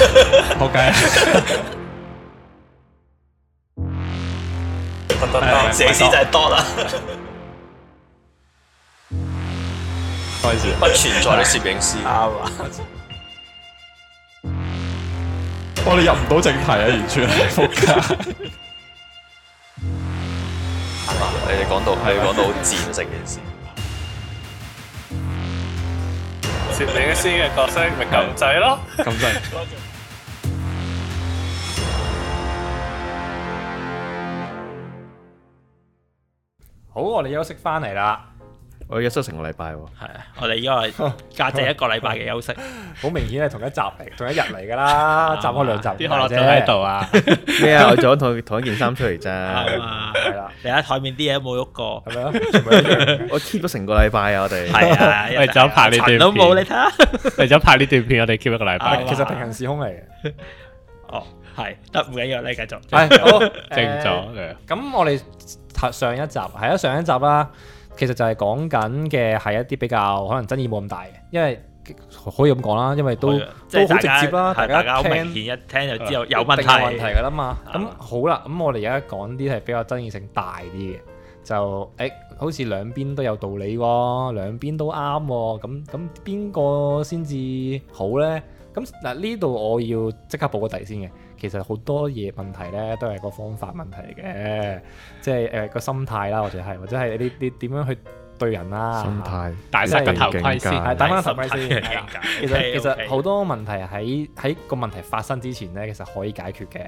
好計，攝影師就係多啦，不存在嘅攝影師，我哋入唔到正題啊，完全係複計，係你哋講到係講到戰成件事，攝影師嘅角色咪狗仔咯，狗仔。好，我哋休息翻嚟啦。我休息成個禮拜，係啊，我哋依個假期一個禮拜嘅休息，好明顯係同一集嚟，同一日嚟噶啦，集開兩集啲汗仲喺度啊！咩啊？我着咗同同一件衫出嚟咋？係啦，你睇台面啲嘢都冇喐過，係咪啊？我 keep 咗成個禮拜啊！我哋係啊，為咗拍呢段片都冇你睇，為咗拍呢段片，我哋 keep 一個禮拜。其實平行時空嚟嘅，哦，係得唔緊要咧，你繼續。好，靜咗嚟啊！咁我哋。上一集係啊，上一集啦，其實就係講緊嘅係一啲比較可能爭議冇咁大嘅，因為可以咁講啦，因為都即係好直接啦，大家好明顯一聽就知道有問題嘅啦嘛。咁好啦，咁我哋而家講啲係比較爭議性大啲嘅，就誒、欸、好似兩邊都有道理喎、哦，兩邊都啱喎、哦，咁咁邊個先至好咧？咁嗱，呢度我要即刻報個底先嘅，其實好多嘢問題咧都係個方法問題嘅，即係誒個心態啦，或者係或者係你你點樣去對人啦、啊，心態戴曬是個頭盔先，戴翻頭盔先。其實 其實好 多問題喺喺個問題發生之前咧，其實可以解決嘅。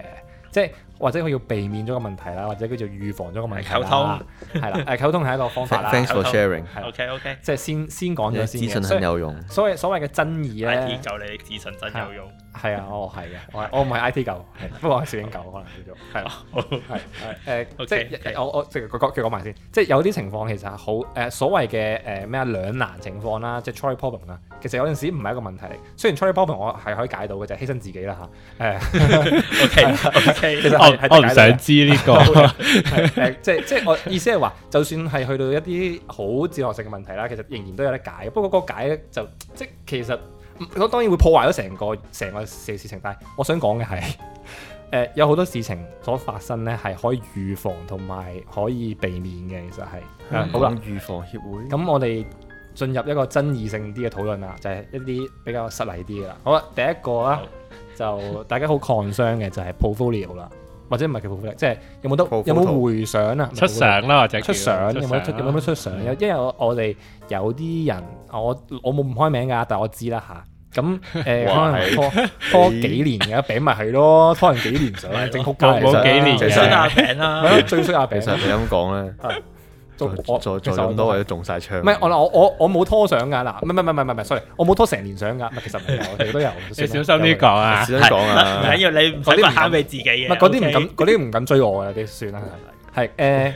即係或者佢要避免咗個問題啦，或者叫做預防咗個問題啦。溝通係啦，誒的 溝通係一個方法啦。 Thanks for sharing 的。OK OK 即。即係先先講咗資訊很有用。所，所謂所謂嘅爭議咧，夠你，你資訊真有用。係啊，我係嘅，我我唔係 I T 狗，不過我係攝影狗 可能叫做，係咯，係 好，誒，即係我我即係講講埋先，即係有啲情況其實好誒，所謂嘅誒咩兩難情況啦，即係 trolley problem 啦。其實有陣時唔係一個問題，雖然 trolley problem 我係可以解到嘅，就犧牲自己啦嚇，誒，OK OK 其實我我唔想知呢個， 即係即係我意思係話，就算係去到一啲好哲學性嘅問題啦，其實仍然都有得解，不過個解咧就即係其實。咁當然會破壞咗成個成個事情，但係我想講嘅係，誒，有好多事情所發生咧係可以預防同埋可以避免嘅，其實係。好啦，預防協會。咁我哋進入一個爭議性啲嘅討論啦，就係一啲比較失禮啲嘅啦。好啦，第一個啊，就大家好抗傷嘅就係 portfolio 啦，或者唔係叫 portfolio，即係有冇得？有冇回想啊？出相啦，或者出相？有冇出有冇出相？因為我哋有啲人，我我冇唔開名㗎，但係我知啦吓。咁誒，可能拖拖幾年嘅餅咪係咯，拖人幾年相正哭鳩嚟嘅，冇幾年嘅。追蝦餅啦，追蝦餅想點講咧？做再做咁多，我都中晒槍。唔係我啦，我我我冇拖相噶嗱，唔係唔係唔係唔係唔係，sorry，我冇拖成年相噶。唔係其實有，我哋都有。你小心啲講啊！小心講啊！唔緊要，你唔使話慳俾自己嘅。唔係嗰啲唔敢，嗰啲唔敢追我嘅，啲算啦。係誒，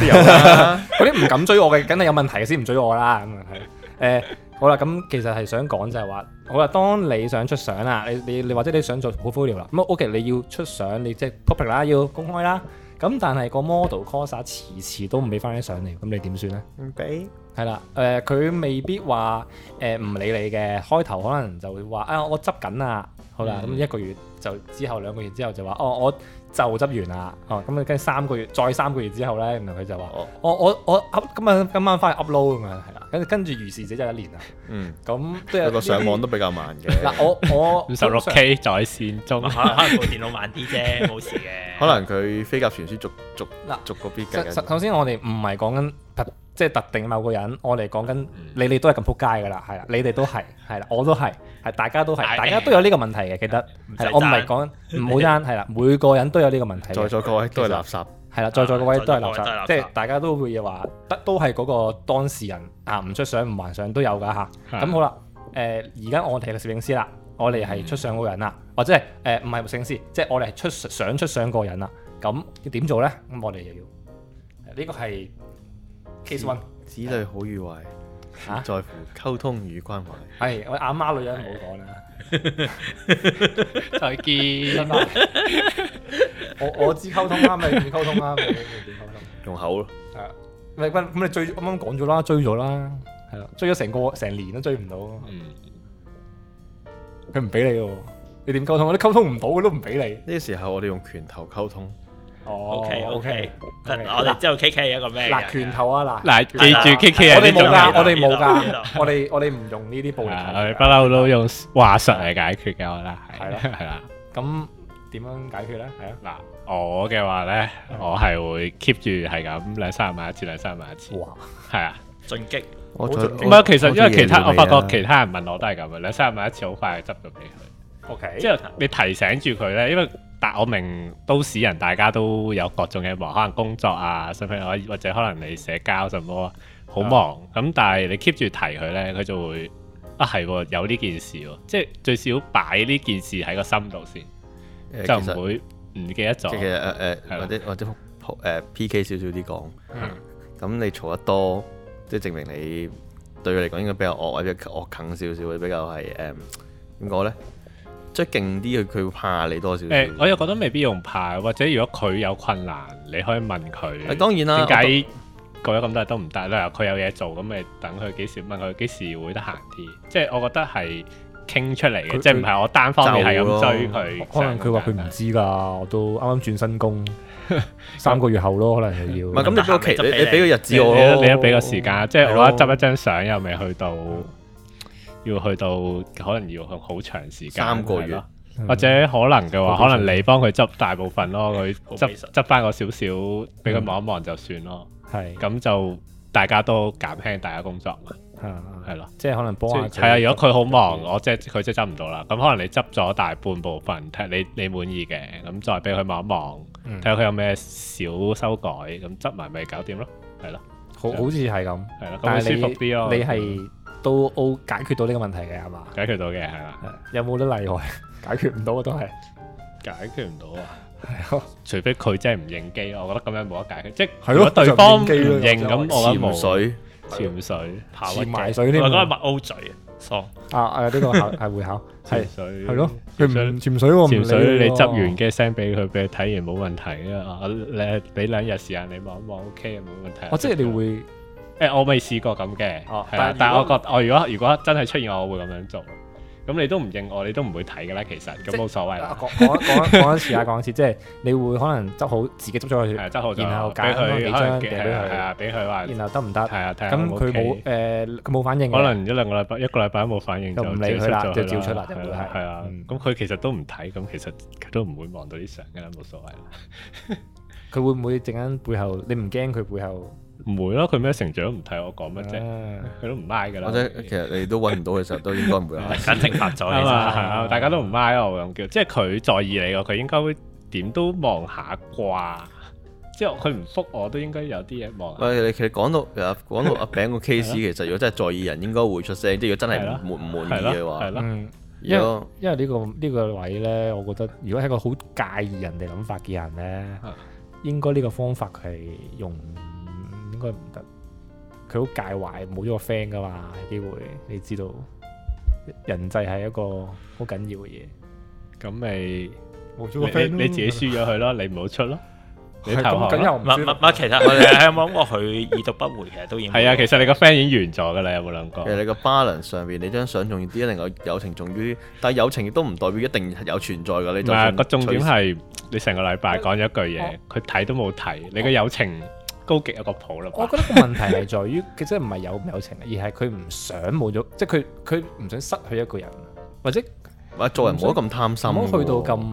都有啦。嗰啲唔敢追我嘅，梗係有問題先唔追我啦。咁啊係誒，好啦，咁其實係想講就係話。好啦，當你想出相啦，你你你或者你想做好 follow 啦，咁啊 OK，你要出相，你即係 popular 啦，要公開啦，咁但係個 model coser、啊、遲遲都唔俾翻啲相嚟，咁你點算咧？唔俾 Okay.？係、呃、啦，誒佢未必話誒唔理你嘅，開頭可能就會話啊，我執緊啊，好啦，咁、mm hmm. 一個月就之後兩個月之後就話哦、啊、我。就執完啦，哦、嗯，咁啊跟住三個月，再三個月之後咧，然後佢就話、哦：我我我 up，今日今晚翻去 upload 咁樣係啦。跟跟住如是者就一年啦。嗯，咁都有個上網都比較慢嘅。嗱、嗯，我我五十六 K 在線中 可能部電腦慢啲啫，冇事嘅。 可能佢飛鴿傳書逐逐逐個 bit，i t 首先我哋唔係講緊特，即、就、係、是、特定某個人，我哋講緊你哋都係咁撲街㗎啦，係啦，你哋都係，係啦，我都係。大家都係，大家都有呢個問題嘅，記得係我唔係講唔好爭，係啦， 每個人都有呢個問題。在座各位都係垃圾，係啦實實、啊，在座各位都係垃圾，垃圾即係大家都會話，都都係嗰個當事人、嗯、啊，唔出相唔還相都有噶吓。咁、啊嗯、好啦，誒、呃，而家我哋係攝影師啦，我哋係出相嗰人啦，嗯、或者係誒唔係攝影師，即係我哋係出，出相出相嗰人啦。咁要點做咧？咁我哋又要呢個係 case one，子，子女好與壞。啊，在乎溝通與關懷係，哎，我阿媽，媽女人唔好講啦。 再見， 我我知溝通啦，咪點溝通啦，用點溝通？溝通用口咯。係 啊，喂喂，咁你追啱啱講咗啦，追咗啦，係啊，追咗成個成年都追唔到。嗯，佢唔俾你，你點溝通？你啲溝通唔到，佢都唔俾你。呢時候我哋用拳頭溝通。哦，OK OK，我哋之後 K K 一個咩？嗱，拳頭啊，嗱，記住 K K 啊，呢種，我哋冇噶，我哋冇噶，我哋我哋唔用呢啲暴力，不嬲都用話術嚟解決嘅，我覺得係，係啦，咁點樣解決咧？係啊，嗱，我嘅話咧，我係會 keep 住係咁兩三十萬一次，兩三十萬一次，哇，係啊，進擊，我唔係，其實因為其他我發覺其他人問我都係咁啊，兩三十萬一次好快就執咗俾佢。O Okay . K，即係你提醒住佢咧，因為但我明都市人大家都有各種嘅忙，可能工作啊，甚至可以或者可能你社交什麼好忙咁 Yeah.、嗯，但係你 keep 住提佢咧，佢就會啊係有呢件事，即係最少擺呢件事喺個心度先，呃、就唔會唔記得咗。即係誒誒，或者、呃、的或者誒 P K 少少啲講，咁、呃 mm. 嗯、你嘈得多，即係證明你對佢嚟講應該比較惡，或者惡啃少少，會比較係誒點講咧？即係勁啲，佢佢會怕你多少少。誒，我又覺得未必用怕，或者如果佢有困難，你可以問佢。誒，當然啦。點解過咗咁多日都唔得咧？佢有嘢做，咁咪等佢幾時？問佢幾時會得閒啲？即係我覺得係傾出嚟嘅，即係唔係我單方面係咁追佢。可能佢話佢唔知㗎，我都啱啱轉新工，三個月後咯，可能係要。唔係咁，你個期你你俾個日子我，你一俾個時間，即係我執一張相又未去到。要去到可能要去好長時間三個月，或者可能嘅話，可能你幫佢執大部分咯，佢執執翻個少少，俾佢望一望就算咯。係咁就大家都減輕大家工作，係係咯，即係可能幫下。係啊，如果佢好忙，我即係佢即係執唔到啦。咁可能你執咗大半部分，睇你你滿意嘅，咁再俾佢望一望，睇下佢有咩小修改，咁執埋咪搞掂咯。係啦，好好似係咁，係啦，咁會舒服啲咯。你係。都 O 解決到呢個問題嘅係嘛？解決到嘅係啦。有冇得例外？解決唔到啊，都係解決唔到啊。係咯，除非佢真係唔認機，我覺得咁樣冇得解決。即係如果對方唔應咁，我諗潛水、潛水、潛埋水，我講係麥 O 嘴啊。錯啊，誒，呢個考係會考，係水係咯。佢唔潛水喎，潛水你執完嘅 send 俾佢，俾佢睇完冇問題啊。你俾兩日時間你望一望，OK 冇問題。我即係你會。誒，我未試過咁嘅，係但係我覺，我如果如果真係出現，我會咁樣做。咁你都唔認我，你都唔會睇嘅啦，其實咁冇所謂啦。講講講一次啊，講一次，即係你會可能執好自己執咗去，然後揀佢幾張俾佢，然後得唔得？係啊，咁佢冇誒，佢冇反應。可能一兩個禮拜，一個禮拜冇反應就唔理佢啦，就照出啦，係啊，咁佢其實都唔睇，咁其實都唔會望到啲相噶啦，冇所謂啦。佢會唔會整緊背後？你唔驚佢背後？唔會咯，佢咩成長唔睇我講乜啫，佢都唔 like 嘅啦。或者其實你都揾唔到嘅時候，都應該唔會嚇。簡咗大家都唔 like 我咁叫，即係佢在意你個，佢應該會點都望下啩。即係佢唔覆我都應該有啲嘢望。喂，其實講到阿講到阿餅個 case，其實如果真係在意人，應該會出聲。即係如果真係滿唔滿意嘅話，嗯，因為因為呢個呢個位咧，我覺得如果係個好介意人哋諗法嘅人咧，應該呢個方法佢係用。應該唔得，佢好介懷，冇咗個 friend 噶嘛？機會，你知道人際係一個好緊要嘅嘢，咁咪你個你，你自己輸咗佢咯， 你唔好出咯，的你投降。唔係唔其實我哋係冇，我佢已奪不回嘅，都已係啊。其實你個 friend 已經完咗噶啦，有冇兩個？其實你個巴 a 上面，你張相重要啲，一定係友情重要啲？但係友情亦都唔代表一定有存在噶。你係個重點係你成個禮拜講咗一句嘢，佢睇、哦、都冇睇，你個友情。高級一個譜啦，我覺得個問題係在於其實唔係有唔有情，而係佢唔想冇咗，即係佢佢唔想失去一個人，或者或做人冇咁貪心，去到咁，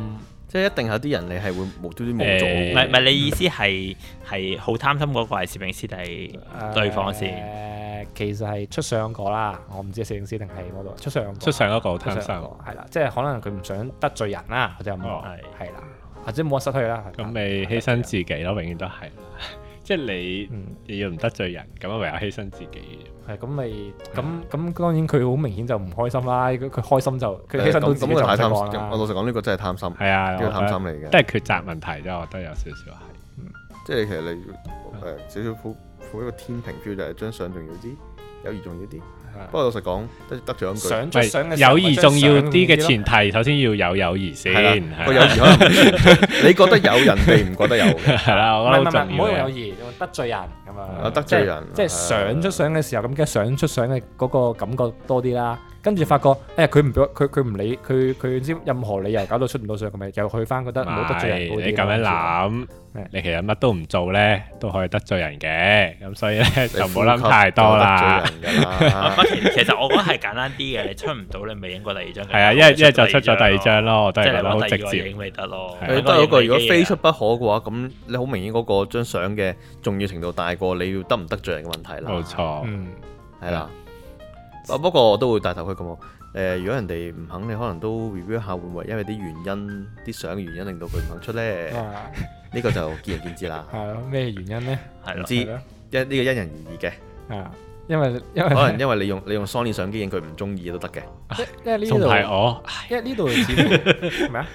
即係一定有啲人你係會無端端冇咗。唔係唔係，你意思係係好貪心嗰個係攝影師定係對方先？誒，其實係出上個啦，我唔知攝影師定係嗰度出上出上一個，出上一個係啦，即係可能佢唔想得罪人啦，或者咁樣係啦，或者唔好失去啦。咁你犧牲自己咯，永遠都係。即係你，要唔得罪人，咁啊唯有犧牲自己。係咁咪，咁咁、嗯嗯、當然佢好明顯就唔開心啦。佢開心就佢犧牲到自己，太貪心，我老實講，呢個真係貪心，係啊，呢個貪心嚟嘅。都係抉擇問題，即係我覺得有少少係。嗯，即係其實你係少少攤一個天平 feel 就係張相重要啲，友誼重要啲。嗯嗯。不過老實講，得罪一句。想出想嘅友誼重要啲嘅前提，首先要有友誼先。個友誼可能你覺得友人哋唔覺得有，係啦。唔唔唔，唔好用友誼，得罪人咁啊。啊得罪人，即係想出想嘅時候，咁梗係想出想嘅嗰個感覺多啲啦。跟住發覺，哎呀佢唔佢佢唔理佢佢知任何理由搞到出唔到相，咁咪又去翻覺得唔好得罪人。你咁樣諗，對 你其實乜都唔做咧，都可以得罪人嘅。咁所以咧就唔好諗太多啦。其實我覺得係簡單啲嘅，你出唔到你未影過第二張。係 啊，因係一係就出咗第， 第二張咯，都係好直接影咪得咯。都、啊啊、得嗰個、啊，如果非出不可嘅話，咁你好明顯嗰個張相嘅重要程度大過你要得唔得罪人嘅問題啦。冇錯，係啦、嗯。啊，不過我都會戴頭盔咁喎。如果人哋唔肯，你可能都 review 下會唔會因為啲原因、啲相嘅原因令到佢唔肯出咧？呢哇 個就見仁見智啦。係咯，咩原因咧？唔知，因呢的個因人而異嘅。係啊，因為因為可能因為你用你用 Sony 相機影佢唔中意都得嘅。因為呢度我，因為呢度係咩啊？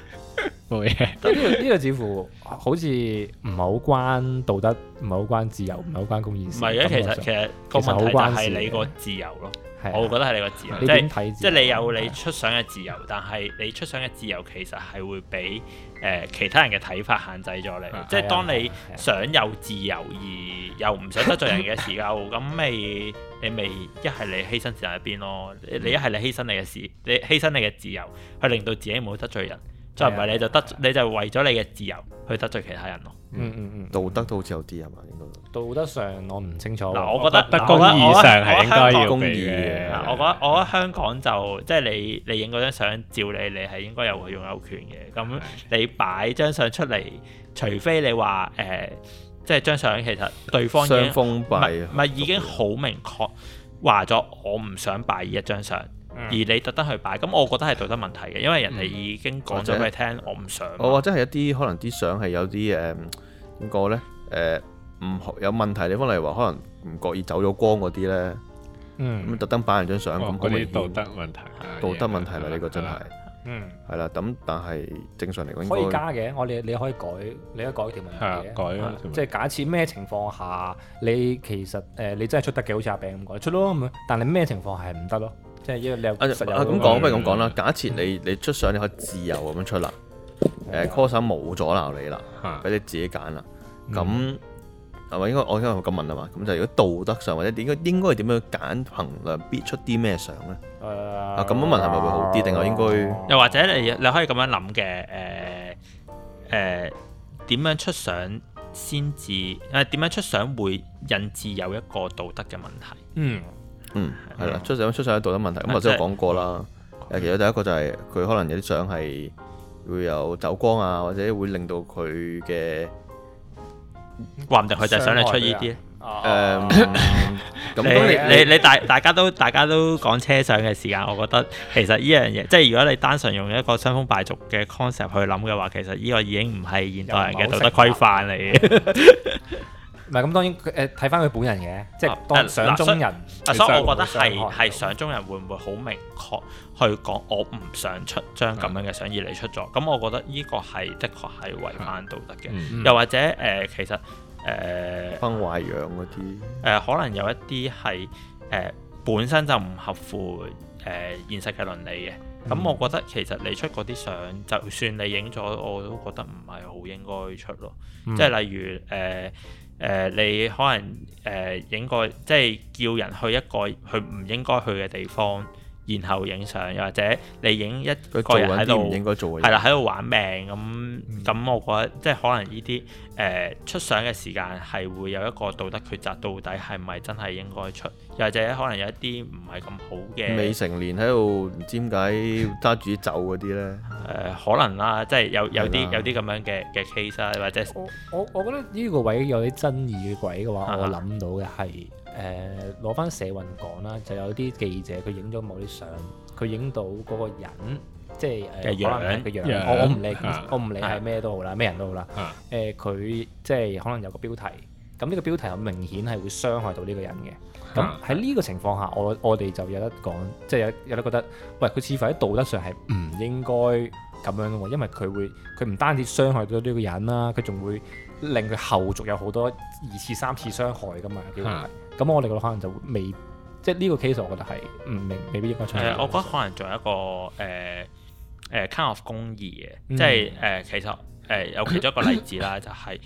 冇嘢事。呢度呢度似乎好似唔係好關道德，唔係好關自由，唔係好關公義事。唔係嘅，其實其實個問題就係你個自由咯。 我會覺得係你個自由，自由即係即係你有你出相嘅自由， 但係你出相嘅自由其實係會俾誒、呃、其他人嘅睇法限制咗你。 即係當你想有自由而又唔想得罪人嘅時候，咁咪、 哦、你咪一係你犧牲自己喺邊咯？ 你一係你犧牲你嘅事，你犧牲你嘅自由去令到自己冇得罪人， 再唔係你就得 你就為咗你嘅自由去得罪其他人咯。嗯嗯嗯，道德都好似有啲係嘛？應該道德上我唔清楚。嗱，我覺得公義上係應該要公義嘅。我覺得我覺得香港就即係你你影嗰張相照你，你係應該有個擁有權嘅。咁你擺張相出嚟，除非你話誒，即係張相其實對方已經封，係唔係已經好明確話咗我唔想擺一張相。而你特登去擺，咁我覺得係道德問題嘅，因為人哋已經講咗俾你聽，者我唔想。哦，或者係一啲可能啲相係有啲誒點講咧？誒、嗯、唔、那個呃、有問題嘅地方，例如話可能唔覺、嗯、意走咗光嗰啲咧，咁特登擺人張相咁，咁咪、哦、道德問題，道德問題啦、啊，呢的個真係，嗯，係啦。咁但係正常嚟講，可以加嘅，我哋你可以改，你可以改條問題，改即係假設咩情況下你其實誒、呃、你真係出得嘅，好似阿炳咁改出咯，咁但係咩情況係唔得咯？即係依個咁講，不如咁講啦。假設你你出相，你可以自由咁出啦。誒、嗯 uh, course 冇阻鬧你啦，俾、啊、你自己揀啦。咁係咪應該我應該咁問啊嘛？咁就如果道德上或者點應該應該點樣揀衡量必出啲咩相咧？啊咁樣問係咪會好啲？定係應該？又或者你你可以咁樣諗嘅誒誒點樣出相先至誒點樣出相會引致有一個道德嘅問題？嗯。嗯，係啦，出相出相有道德問題，咁我都有講過啦。誒、嗯，其實第一個就係、是、佢可能有啲相係會有走光啊，或者會令到佢嘅話唔定，佢就係想你出呢啲。誒，你你你大大家都大家都講車上嘅時間，我覺得其實呢樣嘢， 即係如果你單純用一個傷風敗俗嘅 concept 去諗嘅話，其實呢個已經唔係現代人嘅道德規範嚟嘅。 唔係咁當然誒，睇翻佢本人嘅，即係相中人相相相。所以，我覺得係係相中人會唔會好明確去講我唔想出張咁樣嘅相而，而你出咗？咁我覺得呢個係的確係違反道德嘅。嗯嗯、又或者誒、呃，其實誒分壞樣嗰啲誒，可能有一啲係誒本身就唔合乎誒、呃、現實嘅倫理嘅。咁我覺得其實你出嗰啲相，就算你影咗，我都覺得唔係好應該出咯。即係、嗯、例如誒。呃誒、呃，你可能誒影個，即係叫人去一個佢唔應該去嘅地方，然後影相，又或者你影一個人喺度唔應該做嘅嘢，係啦，喺度玩命咁，咁我覺得即係可能呢啲誒出相嘅時間係會有一個道德抉擇，到底係唔係真係應該出？或者可能有一啲唔係咁好嘅，未成年喺度唔知點解揸住走嗰啲咧？誒、呃，可能啦、啊，即係有有啲的有啲咁樣嘅嘅 case 啦，或者我我我覺得呢個位有啲爭議嘅鬼嘅話，我諗到嘅係誒，攞、呃、翻社運講啦，就有啲記者佢影咗某啲相，佢影到嗰個人，即係、呃、誒，可能嘅樣，我唔理，我唔理係咩都好啦，咩人都好啦，誒，佢即係可能有個標題，咁呢個標題又明顯係會傷害到呢個人嘅。咁喺呢個情況下，我我哋就有得講，即係有有得覺得，喂，佢似乎喺道德上係唔應該咁樣喎？因為佢會佢唔單止傷害到呢個人啦，佢仲會令佢後續有好多二次、三次傷害㗎嘛，咁、嗯、我哋覺得可能就未即係呢個 case，我覺得係唔明，未必應該出、呃。我覺得可能仲有一個誒誒、呃呃、kind of 公義嘅，即係誒、嗯呃、其實誒有、呃呃、其中一個例子啦， 就係、是。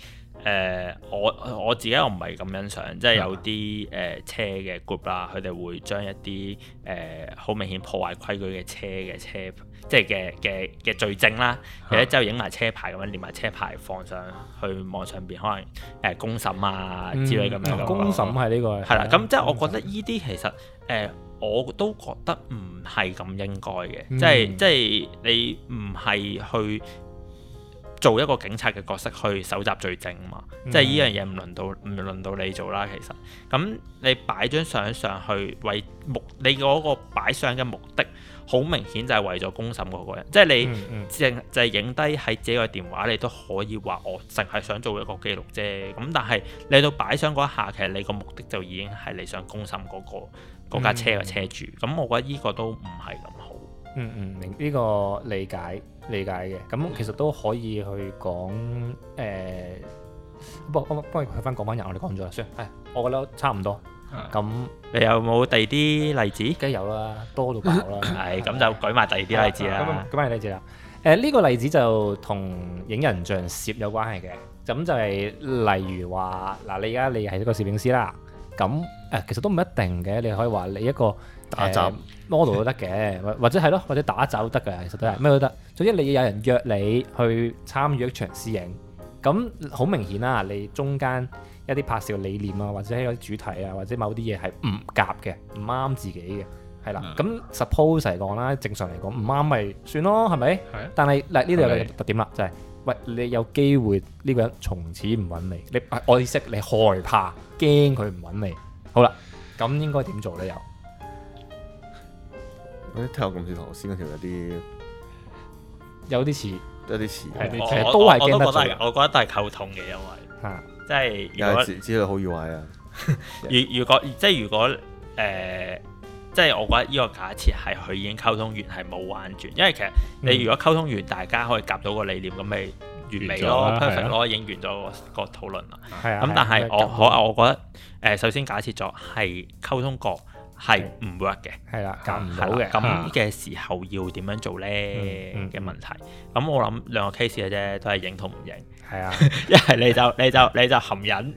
誒、呃、我我自己又唔係咁欣賞，即係有啲誒、呃、車嘅 group 啦，佢哋會將一啲誒好明顯破壞規矩嘅車嘅車，即係嘅嘅嘅罪證啦，佢喺之後影埋車牌咁樣，連埋車牌放上去網上邊，可能誒公審啊、嗯、之類咁樣、嗯。公審係呢個係啦。咁的、嗯、即係我覺得呢啲其實誒、呃，我都覺得唔係咁應該嘅，即係即係你唔係去。做一個警察嘅角色去搜集罪證嘛，嗯、即係呢樣嘢唔輪到唔輪到你做啦。其實，咁、嗯、你擺張相上去為目，你嗰個擺相嘅目的，好明顯就係為咗公審嗰個人。即係你淨就係影低喺自己嘅電話，你都可以話我淨係想做一個記錄啫。咁但係你到擺相嗰一下，其實你個目的就已經係你想公審嗰個架車嘅車主。咁、嗯嗯、我覺得呢個都唔係咁好。嗯嗯，明、嗯、呢 個理解。理解嘅，咁其實都可以去講誒，不幫幫佢去翻講翻人，我哋講咗啦，算係，我覺得差唔多。咁你有冇第二啲例子？梗係有啦，多到爆啦。係，咁就舉埋第二啲例子啦。咁舉翻例子啦，誒呢個例子就同影人像攝有關係嘅。咁就係例如話，嗱，你而家你係一個攝影師啦，咁誒其實都唔一定嘅，你可以話你一個。打 model、呃、斬都得嘅，或者 或者係咯，或者打雜都得嘅，其實都係咩都得。總之你要有人約你去參與一場私影，咁好明顯啦，啊，你中間一啲拍攝理念啊，或者係嗰啲主題啊，或者某啲嘢係唔夾嘅，唔啱自己嘅，係啦。咁、嗯、suppose 嚟講啦，正常嚟講唔啱咪算咯，係咪？啊、但係嗱呢度有個特點啦，就係、是、喂，你有機會呢個人從此唔揾你，你愛惜，你害怕驚佢唔揾你。好啦，咁應該點做咧？又？啲睇落咁似頭先嗰條有啲，有啲似，有啲似。其實都係，我都覺得係，我覺得係溝通嘅，因為嚇，即係有時知道好意外啊！如如果即係如果誒，即係我覺得呢個假設係佢已經溝通完，係冇玩轉，因為其實你如果溝通完，大家可以夾到個理念，咁咪完美咯，perfect 咯，影完咗個討論啦。係啊，咁但係我我我覺得誒，首先假設咗係溝通過。係唔 work 嘅，係啦，搞唔到嘅。咁嘅時候要點樣做咧嘅、嗯嗯、問題？咁我諗兩個 case 嘅啫，都係影同唔影。係啊的，一係 你就你就你就，你就含忍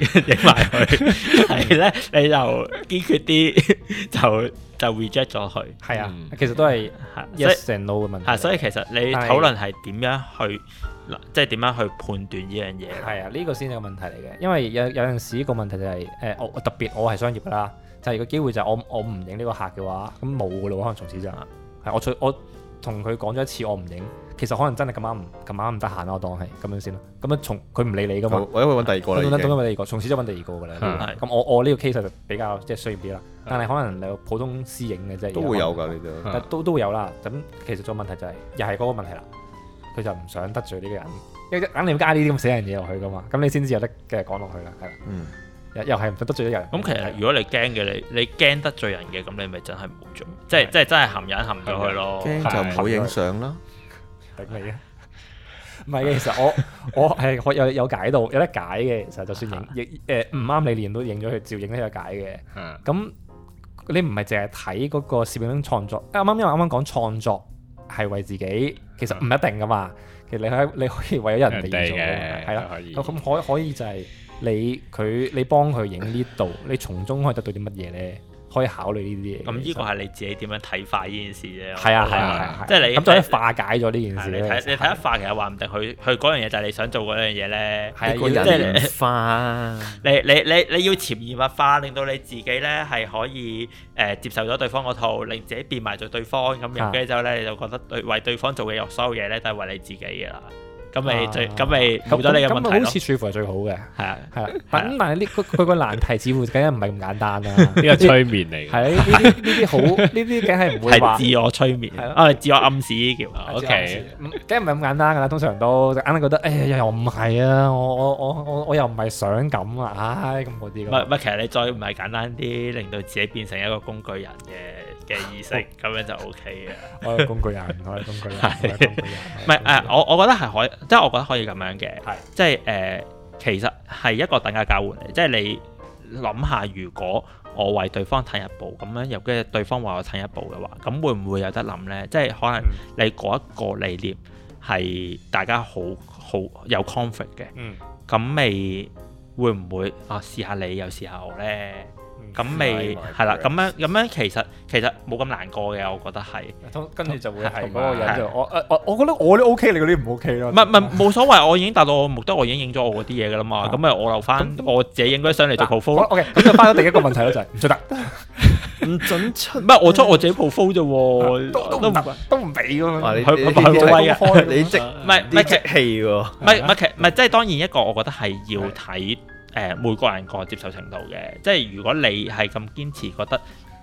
影埋佢，係咧 你就堅決啲，就就 reject 咗佢。係啊的，嗯、其實都係 yes and no 嘅問題。吓，所以其實你討論係點樣去，的即係點樣去判斷呢樣嘢？係啊，呢、這個先係個問題嚟嘅。因為有有陣時個問題就係、是，誒，我特別我係商業噶啦。就係個機會就係我我唔影呢個客嘅話，咁冇噶咯，可能從此就係我我同佢講咗一次我唔影，其實可能真係咁啱唔咁啱唔得閒啦，我當係咁樣先啦。咁樣從佢唔理你噶嘛，我因為揾第二個嚟，因為第二個係從此就揾第二個噶啦。咁係我我呢個 case 就比較即係衰啲啦，係但係可能你普通私影嘅啫，都會有㗎可能你就係，都都會有啦。咁其實仲有問題就係、係、又係嗰個問題啦，佢就唔想得罪呢個人，因為硬你加呢啲咁死人嘢落去噶嘛，咁你先至有得繼續講落去啦，係啦。嗯又係唔想得罪人，咁其實如果你驚嘅，你你驚得罪人嘅，咁你咪真係唔好做，即係即係真係含忍含唔到去咯。驚就唔好影相啦，定係啊？唔係嘅，其實我我係我有有解到有得解嘅，其實就算影亦唔啱你連都影咗去照影都有解嘅。咁你唔係淨係睇嗰個攝影師創作，啱啱因為啱啱講創作係為自己，其實唔一定噶嘛。其實你可你可以為咗人哋做，嘅。係啦，咁可可以就係。你佢你幫佢影呢度，你從中可以得到啲乜嘢咧？可以考慮呢啲嘢。咁呢個係你自己點樣睇法呢件事啫。係啊係啊係啊，即係你咁就化解咗呢件事，你睇你睇一化，其實話唔定佢佢嗰樣嘢就係你想做嗰樣嘢咧，係一個人化。你你你你要潛移默化，令到你自己咧，係可以誒，接受咗對方嗰套，令自己變埋咗對方咁，咁嘅之後咧，你就覺得對為對方做嘅所有嘢咧都係為你自己嘅啦。咁咪最，咁咪，咁咪好似似乎係最好嘅，係啊係啊。咁但係呢佢佢個難題似乎梗係唔係咁簡單啊，呢個催眠嚟。係啊，呢呢啲好，呢啲梗係唔會話自我催眠，係咯，啊自我暗示呢條。OK，梗係唔係咁簡單噶啦，通常都硬係覺得，誒又唔係啊，我我我我我又唔係想咁啊，唉咁嗰啲。唔唔，其實你再唔係簡單啲，令到自己變成一個工具人嘅。嘅意識咁樣就 OK 嘅，我有工具人我有工具人，唔係誒，我我、， 啊、我覺得係可以，即係我覺得可以咁樣嘅，係是即係誒、呃，其實係一個等價交換嚟，即係你諗下，如果我為對方褪一步，咁樣又跟對方話我褪一步嘅話，咁會唔會有得諗呢？即係可能你嗰一個理念係大家好好有 conflict 嘅，嗯，咁你會唔會啊試下你有時候呢？咁未係啦，咁樣咁樣，其實其實冇咁難過嘅，我覺得係。跟住就會同嗰個人就我我覺得我都 OK，你嗰啲唔 OK 咯。唔唔冇所謂，我已經達到我目的，我已經影咗我嗰啲嘢噶啦嘛。咁咪，我留翻我自己影嗰啲嚟做 profile 咁就翻咗第一個問題咯，就係唔出得。唔准出，唔係我出我自己 profile 啫，都都唔俾噶嘛。開你即唔係唔係即氣喎，唔係即唔係即係當然一個，我覺得係要睇。誒每個人個接受程度嘅，即係如果你係咁堅持，覺得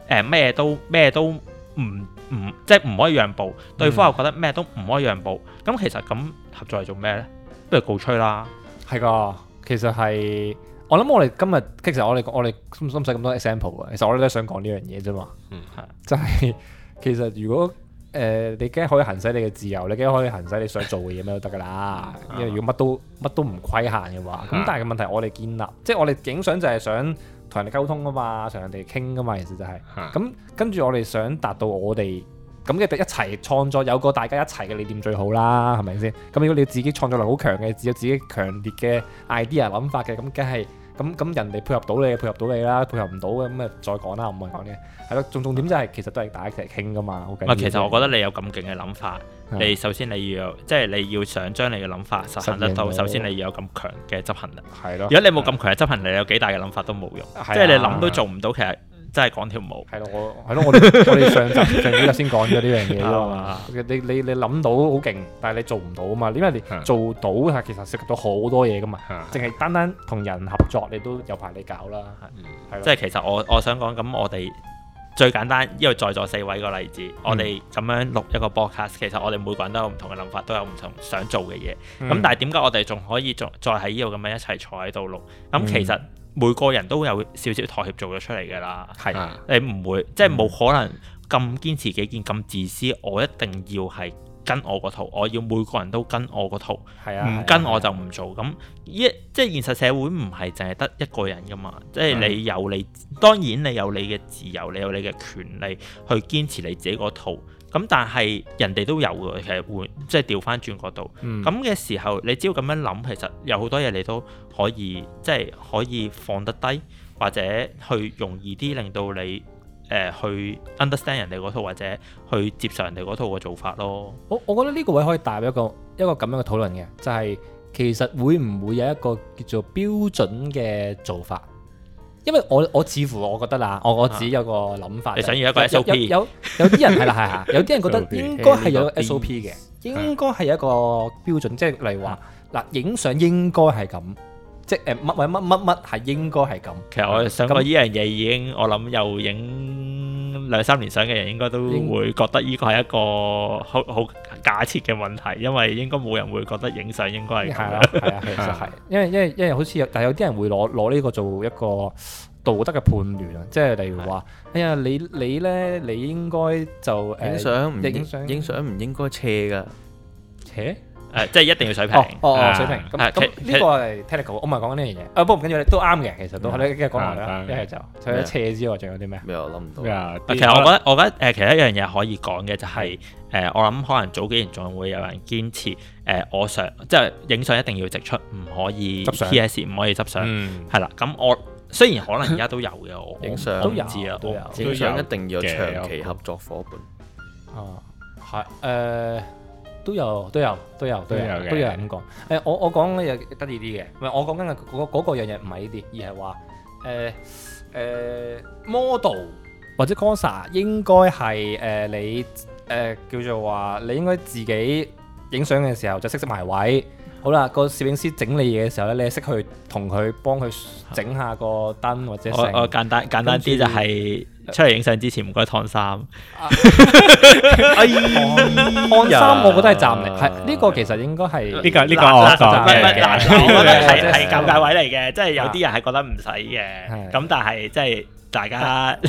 誒咩都咩都唔唔，即係唔可以讓步，嗯、對方又覺得咩都唔可以讓步，咁其實咁合作係做咩咧？不如告吹啦！係啩，其實係我諗，我哋今日其實我哋我哋唔使咁多 example 啊，其實我哋都係想講呢樣嘢啫嘛，嗯，係，就係，其實如果。誒、呃，你梗可以行使你嘅自由，你梗可以行使你想做嘅嘢咩都得㗎啦。因為如果乜都乜都唔規限嘅話，咁但係個問題，我哋建立，即係我哋影相就係想同人哋溝通啊嘛，同人哋傾啊嘛，其實就係、是。咁跟住我哋想達到我哋，咁嘅一齊創作有個大家一齊嘅理念最好啦，係咪先？咁如果你自己創作能力好強嘅，有自己強烈嘅 idea 諗法嘅，咁梗係。咁咁人哋配合到你，配合到你啦，配合唔到嘅咁啊，再講啦，唔好講嘅，係咯。重重點即係其實都係大家一齊傾噶嘛，好緊要。其實我覺得你有咁勁嘅諗法，你首先你要有，即係你要想將你嘅諗法實行得到，首先你要有咁強嘅執行力。係咯了。如果你冇咁強嘅執行力，有幾大嘅諗法都冇用，即係了你諗都做唔到，了其實。真係講條毛，係咯我，係咯我哋，我哋上集 上幾日先講咗呢樣嘢啦嘛。你你你諗到好勁，但係你做唔到啊嘛。因為你做到，其實涉及到好多嘢噶嘛。淨係 單單同人合作，你都有排你搞、嗯、啦。即係其實我我想講咁，我哋最簡單依度在座四位個例子，嗯、我哋咁樣錄一個播客，其實我哋每個人都有唔同嘅諗法，都有唔同想做嘅嘢。咁、嗯、但係點解我哋仲可以再再喺呢度咁樣一齊坐喺度錄？咁、嗯、其實。每個人都有少少妥協做咗出嚟噶啦，係是、啊、你唔會、嗯、即係冇可能咁堅持己件見咁、嗯、自私，我一定要係跟我個套，我要每個人都跟我個套，唔是、啊、跟我就唔做。咁一、啊啊、即係現實社會唔係淨係得一個人噶嘛，即係你有你是、啊、當然你有你嘅自由，你有你嘅權利去堅持你自己個套。咁但係人哋都有嘅，其實換即係調翻轉嗰度咁嘅時候，你只要咁樣諗，其實有好多嘢你都可以即係可以放得低，或者去容易啲，令到你誒、呃、去 understand 人哋嗰套或者去接受人哋嗰套嘅做法咯。我我覺得呢個位可以帶入一個一個咁樣嘅討論嘅，就係、是、其實會唔會有一個叫做標準嘅做法？因為我我似乎我覺得啊，我我自己有個諗法，你想要一個 SOP，有有啲人係啦係啊，有啲人， 人覺得應該係有 SOP 嘅，應該係有一個標準，即係、嗯、例如話嗱，影相應該係咁。即誒乜？喂乜乜乜係應該係咁。其實我想過呢樣嘢已經，我諗又影兩三年相嘅人應該都會覺得呢個係一個好好假設嘅問題，因為應該冇人會覺得影相應該係咁。係啊，係啊，其實係。因為因為因為好似有，但係有啲人會攞攞呢個做一個道德嘅判斷啊，即係例如話：哎呀，你你咧，你應該就影相唔影相，影相唔應該斜㗎。斜？誒，即係一定要水平哦水平，咁咁呢個係 technical，我唔係講緊呢樣嘢。誒，不過唔緊要，都啱嘅，其實都係你講埋啦，一係就除咗斜之外，仲有啲咩？咩我諗唔到。其實我覺得，我覺得誒，其實一樣嘢可以講嘅就係誒，我諗可能早幾年仲會有人堅持誒，我想，即係影相一定要直出，唔可以 P S，唔可以執相。嗯，係啦。咁我雖然可能而家都有嘅，影相都有。都有。影相一定要長期合作夥伴。哦，係誒。都有，都有，都有，都有，都有咁講。誒，我我講嘅嘢得意啲嘅，唔係我講緊嘅嗰嗰個樣嘢唔係呢啲，而係話誒誒 Model 或者 coser 應該係誒你誒叫做話，你應該自己影相嘅時候就識識埋位。好啦，個攝影師整你嘢嘅時候咧，你識去同佢幫佢整下個燈或者成。我我簡單簡單啲就係。出嚟影相之前唔該燙衫，燙衫我覺得係責任係呢個，其實應該係呢個呢個責任嚟嘅，係係尷尬位嚟嘅。即係有啲人係覺得唔使嘅咁，但係即係大家即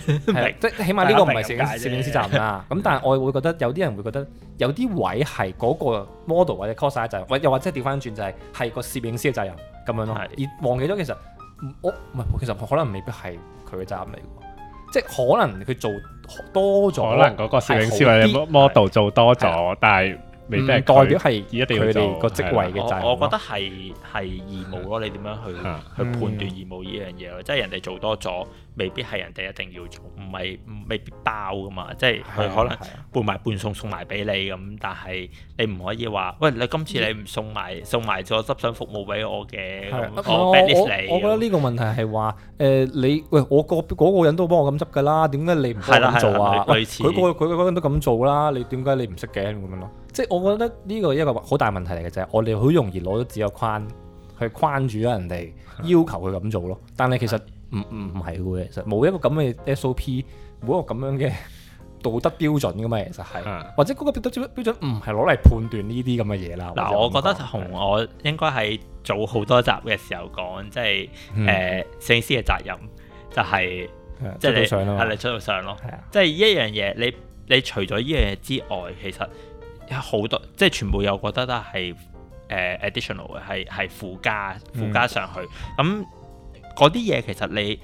係起碼呢個唔係攝攝影師責任啦。咁但係我會覺得有啲人會覺得有啲位係嗰個 model 或者 coser 責任，又或者調翻轉就係係個攝影師嘅責任咁樣咯，係而忘記咗其實我唔係其實可能未必係佢嘅責任嚟。即係可能佢做多咗，可能嗰個攝影師或者 model 做多咗，的但係未必係代表係一定佢哋個職位嘅。我覺得係係義務咯。嗯、你點樣去、啊嗯、去判斷義務呢樣嘢咯，即係人哋做多咗。未必係人哋一定要做，唔係未必包噶嘛，即係佢的可能半賣半送送埋俾你咁，但係你唔可以話，喂，你今次你唔送埋這送埋咗執相服務俾我嘅，我幫你嚟。我覺得呢個問題係話，誒、呃、你喂，我個嗰、那個人都幫我咁執㗎啦，點解你唔幫我咁做啊？佢個佢嗰個人都咁做啦，你點解你唔識嘅咁樣咯？即、就、係、是、我覺得呢個一個好大問題嚟嘅就啫，我哋好容易攞咗自己嘅框去框住咗人哋，要求佢咁做咯，但係其實。唔唔唔係嘅，其實冇一個咁嘅 SOP，冇一個咁樣嘅道德標準噶嘛，其實係，嗯、或者嗰個道德標標準唔係攞嚟判斷呢啲咁嘅嘢啦。嗱，我覺得同我應該喺做好多集嘅時候講，嗯、即係誒，攝、呃、影師嘅責任就係、是，嗯、即係你出到相咯，係你出到相咯，係啊，即係呢一樣嘢，你你除咗呢樣嘢之外，其實好多即係全部又覺得係誒、呃、additional 係係附加附加上去咁。嗯嗰啲嘢其實你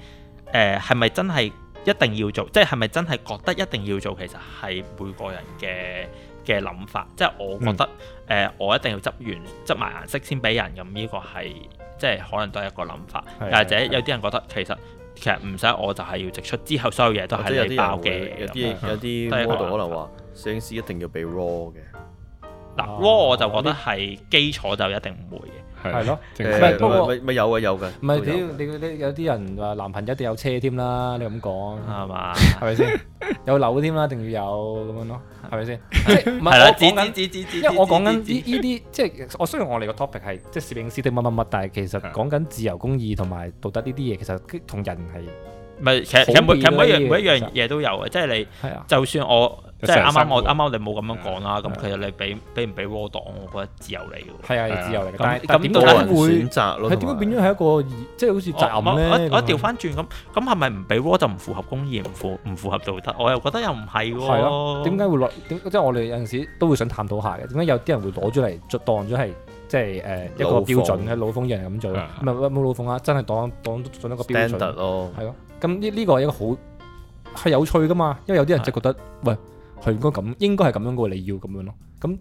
誒係咪真係一定要做？即係係咪真係覺得一定要做？其實係每個人嘅嘅諗法。即係我覺得誒、嗯呃、我一定要執完執埋顏色先俾人。咁呢個係即係可能都係一個諗法。又或者有啲人覺得其實其實唔使，我就係、是、要直出。之後所有嘢都係即有啲鬧嘅，有啲有啲 model 可能話攝影師一定要俾 raw 嘅。嗱 raw 我就覺得係基礎就一定唔會嘅。係咯，唔係不過咪有啊有㗎，唔係你你有啲人話男朋友一定要有車添啦，你咁講係嘛？係咪先有樓添啦，一定要有咁樣咯，係咪先？唔係啦，講緊講緊，因為我講緊呢啲即係我雖然我哋個 topic 係即係攝影師的乜乜乜，但係其實講緊自由公義同埋道德呢啲嘢，其實同人係唔係其實其每其實每，每一樣嘢都有啊。即係你就算我。即係啱啱我啱啱你冇咁樣講啦，咁其實你俾俾唔俾 RAW 檔，我覺得自由嚟嘅喎。係啊，自由嚟嘅。但係咁點解會？係點解變咗係一個即係好似襲暗我調翻轉咁，咁係咪唔俾 RAW 就唔符合公義，唔符唔符合道德？我又覺得又唔係喎。係咯。點解會落？即係我哋有陣時都會想探討下嘅。點解有啲人會攞咗嚟做當咗係即係誒一個標準？嘅老風一樣咁做咯。唔係冇老風啊，真係當當咗個標準。咯。咁呢呢個一個好係有趣嘅嘛。因為有啲人就覺得喂。佢應該咁，應該係咁樣嘅喎。你要咁樣咯，咁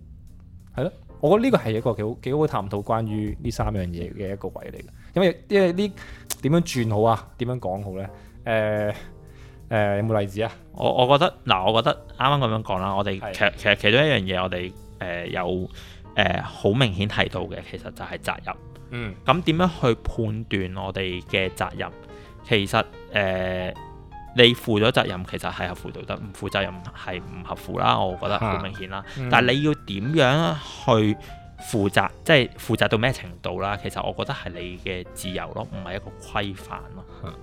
係咯。我覺得呢個係一個幾好幾好探討，關於呢三樣嘢嘅一個位嚟嘅。因為因為呢點樣轉好啊？點樣講好咧？誒、呃、誒、呃，有冇例子啊？我我覺得嗱，我覺得啱啱咁樣講啦。我哋其實其實其中一樣嘢，我哋誒有誒好、呃、明顯提到嘅，其實就係責任。嗯。咁點樣去判斷我哋嘅責任？其實誒。呃你負咗責任，其實係合乎道德；唔負責任係唔合乎啦，嗯、我覺得好明顯啦。嗯、但係你要點樣去負責，即係負責到咩程度啦？其實我覺得係你嘅自由咯，唔係一個規範咯、嗯。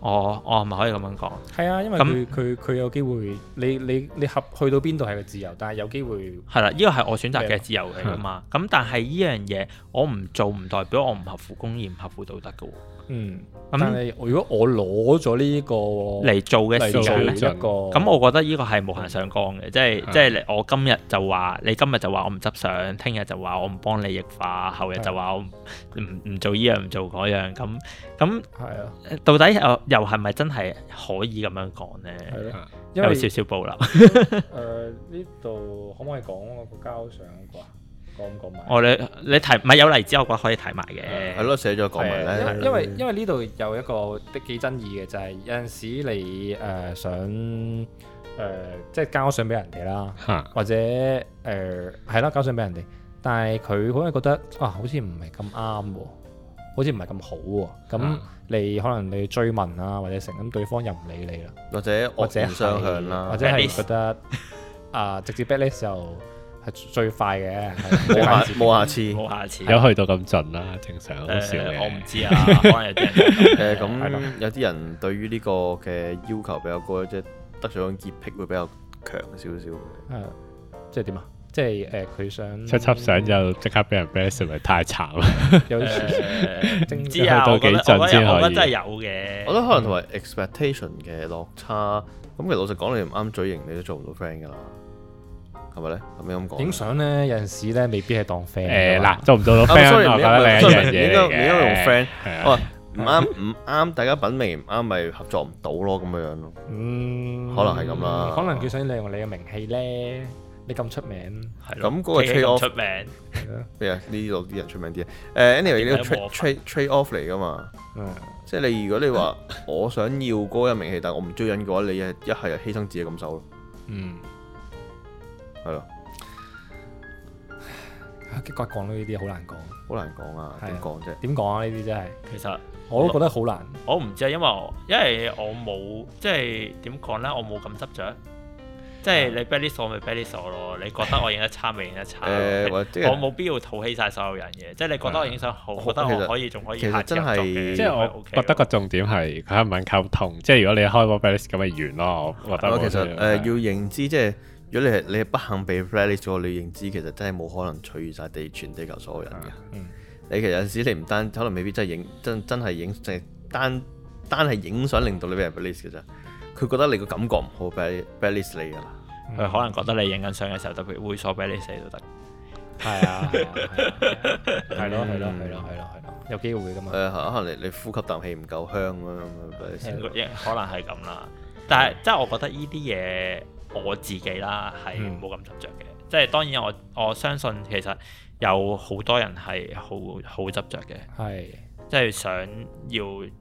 我我咪可以咁樣講？係啊，因為佢佢那有機會，你你你合去到邊度係個自由，但係有機會係啦。呢個係我選擇嘅自由嚟噶嘛。咁但係呢樣嘢，我唔做唔代表我唔合乎公義，唔合乎道德㗎喎。嗯，咁但係如果我攞咗呢個嚟做嘅時候呢，咁我覺得呢個係無限上綱嘅，即係即係我今日就話，你今日就話我唔執相，聽日就話我唔幫你液化，後日就話我唔唔做依樣唔做嗰樣，咁咁，到底又又係咪真係可以咁樣講呢？有少少暴漏。誒，呢度可唔可以講個交相啩？講唔埋？哦， 你你睇咪有例子，我覺得可以提埋嘅。係咯、嗯，寫咗講埋咧。因為因為呢度有一個的幾爭議嘅，就係、是、有陣時你誒想誒即係交上俾人哋啦，或者誒係啦，交上俾人哋，但係佢可能覺得啊，好似唔係咁啱，好似唔係咁好，咁你可能你追問啊或者成，咁對方又唔理你啦。或者我相或者相向啦，或者係覺得啊、呃，直接 back 呢時候。係最快嘅，冇下冇下次，冇下次，有去到咁盡啦，正常好少我唔知啊，咁，有啲人對於呢個嘅要求比較高，即係，得上潔癖會比較強少少。即係點啊？即係誒，佢想七輯相就即刻俾人 best，咪太慘啦！有時，唔知啊，我覺得真係有嘅。我覺得可能同埋 expectation 嘅落差。咁其實老實講，你唔啱嘴型，你都做唔到 friend 噶啦。係咪咧？咁樣咁講影相咧，有陣時咧未必係當 friend 誒啦，做唔做到 friend 啊？咁樣嘅，你應該用 friend，唔啱唔啱？大家品味唔啱，咪合作唔到咯，咁樣咯。嗯，可能係咁啦。可能佢想利用你嘅名氣咧，你咁出名，咁嗰個 trade off 出名。咩啊？呢度啲人出名啲啊？誒，anyway 呢個 trade trade off 嚟噶嘛？嗯，即係你如果你話我想要嗰個名氣，但係我唔追緊嘅話，你一係就犧牲自己感受咯。嗯。係咯，唉，講到呢啲好難講，好難講啊！點講啫？點講啊？呢啲真係，其實我都覺得好難。我唔知啊，因為我因為我冇即係點講咧，我冇咁執着。即係你 balance 我咪 balance 咯，你覺得我影得差咪影得差。我冇必要討氣晒所有人嘅，即係你覺得我影相好，覺得我可以仲可以拍嘅。即係我覺得個重點係佢肯唔肯溝通。即係如果你開波 balance 咁嘅完咯。我覺得其實誒要認知即係。如果你係你係不幸被 release 咗，你認知其實真係冇可能取悅晒地全地球所有人嘅。嗯、你其實有時你唔單可能未必真影真真係影，淨係單單係影相令到你被 release 嘅啫。佢覺得你個感覺唔好 release 你噶啦。佢可能覺得你影緊相嘅時候特別猥瑣，release 你都得。係、嗯、 啊，係咯、啊，係咯、啊，係咯， 係咯，係咯，有機會噶嘛、嗯？可能你你呼吸啖氣唔夠香、嗯、啊嘛 release 可能係咁啦。但係即係我覺得呢啲嘢。我自己啦，係冇咁執着嘅，即係當然我我相信其實有好多人係好好執着嘅，係是即係想要。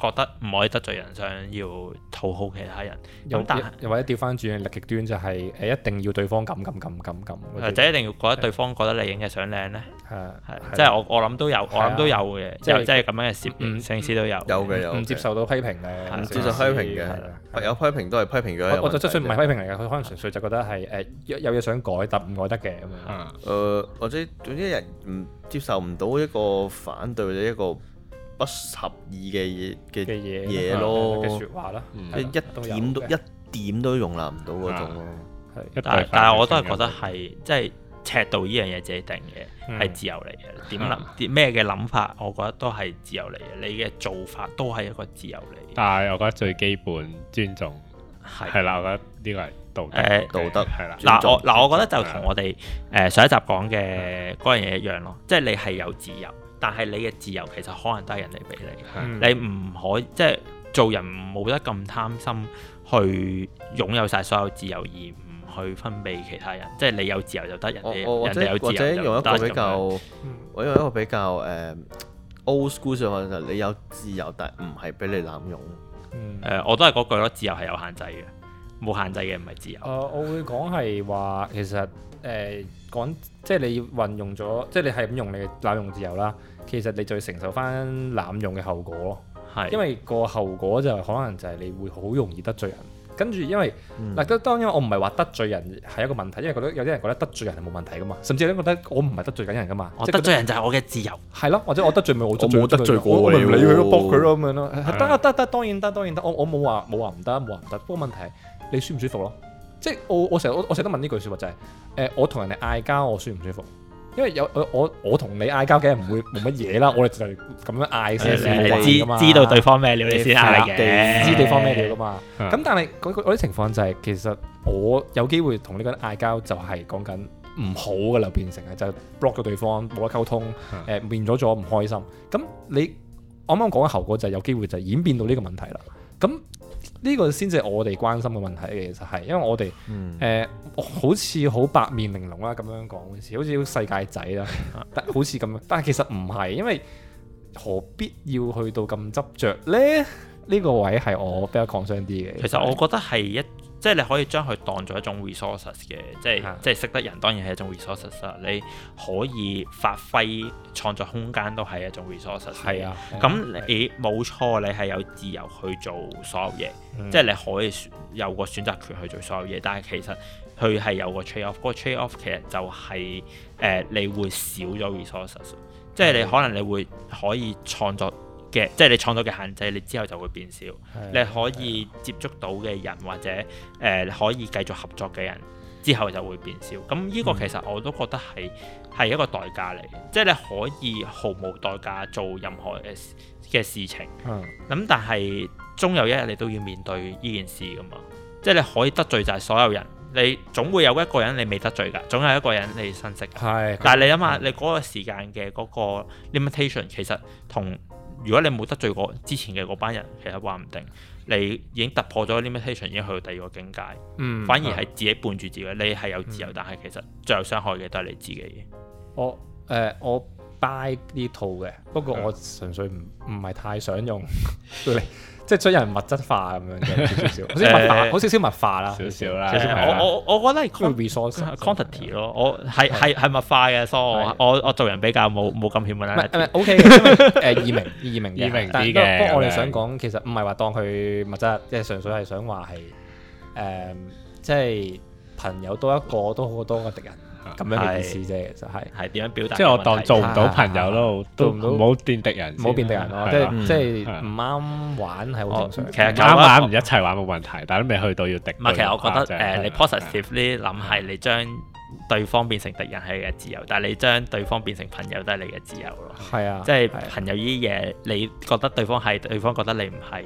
覺得唔可以得罪人，想要討好其他人。咁但係，或者調翻轉，極端就係誒一定要對方咁咁咁咁咁。誒就一定要覺得對方覺得你影嘅相靚咧。係啊，係即係我我諗都有，我諗都有嘅，即係即係咁樣嘅攝影師都有。有嘅有。唔接受到批評嘅，唔接受批評嘅，有批評都係批評嘅。我就算唔係批評嚟㗎，佢可能純粹就覺得係誒有嘢想改，答唔改得嘅咁樣。誒或者總之一，唔接受唔到一個反對或者一個。唔合意嘅嘢嘅嘢嘢咯，嘅説話咯，即一點都一點都容納唔到嗰種咯。係，但係但係我都係覺得係即係尺度呢樣嘢自己定嘅，係自由嚟嘅。點諗啲咩嘅諗法，我覺得都係自由嚟嘅。你嘅做法都係一個自由嚟。但係我覺得最基本尊重係係啦，我覺得呢個係道德誒道德係啦。嗱我嗱我覺得就同我哋誒上一集講嘅嗰樣嘢一樣咯，即係你係有自由。但係你嘅自由其實可能得人哋俾你，的，你唔可即係做人冇得咁貪心去擁有晒所有自由，而唔去分俾其他人。即係你有自由就得人哋，人哋者有自由就得。或者用一個比較，樣嗯、我用一個比較誒、uh, old school 上嘅你有自由，但唔係俾你濫用。誒、嗯呃，我都係嗰句咯，自由係有限制嘅，冇限制嘅唔係自由、呃。我會講係話其實誒、呃、講。即係你運用咗，即係你係咁用你嘅濫用自由啦。其實你就要承受翻濫用嘅後果咯。係，因為個後果就可能就係你會好容易得罪人。跟住因為嗱，都當然我唔係話得罪人係一個問題，因為覺得有啲人覺得得罪人係冇問題㗎嘛。甚至你覺得我唔係得罪緊人㗎嘛。我得罪人就係我嘅自由。係咯，或者我得罪咪我最？我冇得罪過我唔理佢咯，博佢咯咁樣咯。得得得，當然得當然得。我我冇話冇話唔得，冇話唔得。不過問題係你舒唔舒服咯？即係我我成日我我成日都問呢句說話就係誒，我同人哋嗌交我舒唔舒服？因為有我我我同你嗌交梗係唔會冇乜嘢啦，我哋就係咁樣嗌先，先好玩噶嘛。知知道對方咩料先嗌嘅，知對方咩料噶嘛。咁但係嗰嗰啲情況就係其實我有機會同你嗰啲嗌交就係講緊唔好噶啦，變成啊就 block 咗對方冇得溝通，誒變咗咗唔開心。咁你啱啱講嘅後果就係有機會就演變到呢個問題啦。咁。呢個先至係我哋關心嘅問題嘅，其實係因為我哋誒、嗯呃、好似好八面玲瓏啦，咁樣講好似好似世界仔啦， 但好似咁樣，但係其實唔係，因為何必要去到咁執着呢？呢、呢個位係我比較 concern 啲嘅。其實我覺得係一。即係你可以將佢當做一種 resources 嘅，即係、嗯、即係識得人當然係一種 resources 喇。你可以發揮創作空間都係一種 resources。係啊，咁、嗯、你冇錯，你係有自由去做所有嘢，嗯、即係你可以有個選擇權去做所有嘢。但係其實佢係有個 trade off，嗰個 trade off 其實就係、是、誒、呃、你會少咗 resources。嗯、即係你可能你會可以創作。嘅即係你創造嘅限制，你之後就會變少。是你可以接觸到嘅人或者誒、呃、可以繼續合作嘅人之後就會變少。咁呢個其實我都覺得係係、嗯、一個代價嚟嘅，即係你可以毫無代價做任何嘅事情。咁、嗯、但係終有一日你都要面對呢件事㗎嘛。即係你可以得罪就係所有人，你總會有一個人你未得罪㗎，總有一個人你新識㗎。是但係你諗下，你嗰個時間嘅嗰個 limitation 其實同。如果你冇得罪過之前嘅嗰班人，其實話唔定你已經突破咗 limitation，已經去到第二個境界。嗯、反而係自己伴住自己，你係有自由，嗯、但係其實最後傷害嘅都係你自己嘅我、呃。我誒我 buy 呢套嘅，不過我純粹唔唔係太想用，嗯 即係將人物質化咁樣，少少少，好少少物化啦。少少啦。我我我覺得係 resource quantity 咯，我係係係物化嘅，所以我我我做人比較冇冇咁險惡啦。唔係唔係，OK，誒，二名二明二明啲嘅。不過我哋想講，其實唔係話當佢物質，即係純粹係想話係誒，即係朋友多一個都好過多個敵人。咁樣嘅意思啫，其實係係點樣表達？即係我當做唔到朋友咯，都唔好變敵人，唔好變敵人咯。即係即係唔啱玩係好正常。其實啱玩唔一齊玩冇問題，但係都未去到要敵。唔其實我覺得誒，你 positive 呢諗係你將對方變成敵人係你嘅自由，但係你將對方變成朋友都係你嘅自由咯。係啊，即係朋友呢啲嘢，你覺得對方係，對方覺得你唔係，